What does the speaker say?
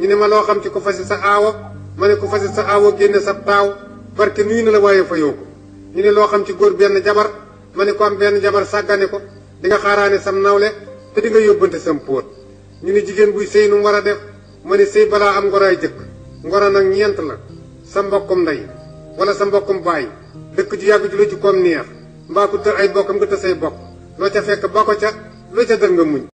ñu ne ma loo xam ci ku fase sa aawa ma ne ku fase sa aawa génne sa taaw barke nuyu na la waaye fa yow ko ñu ne loo xam ci góor benn jabar ma ne ko am benn jabar sàggane ko di nga xaaraane sam nawle te di nga yóbbante sam póot ñu ne jigéen buy sëy nu mu war a def ma ne sëy balaa am ngoraay jëkk ngoro nag ñeent la sa mbokkum ndey wala sa mbokkum baay dëkk ju yàgg ju la ci koom neex mbaa ku tër ay bokkam nga tës say bokk loo ca fekk ba ko ca loo ca dër nga muñ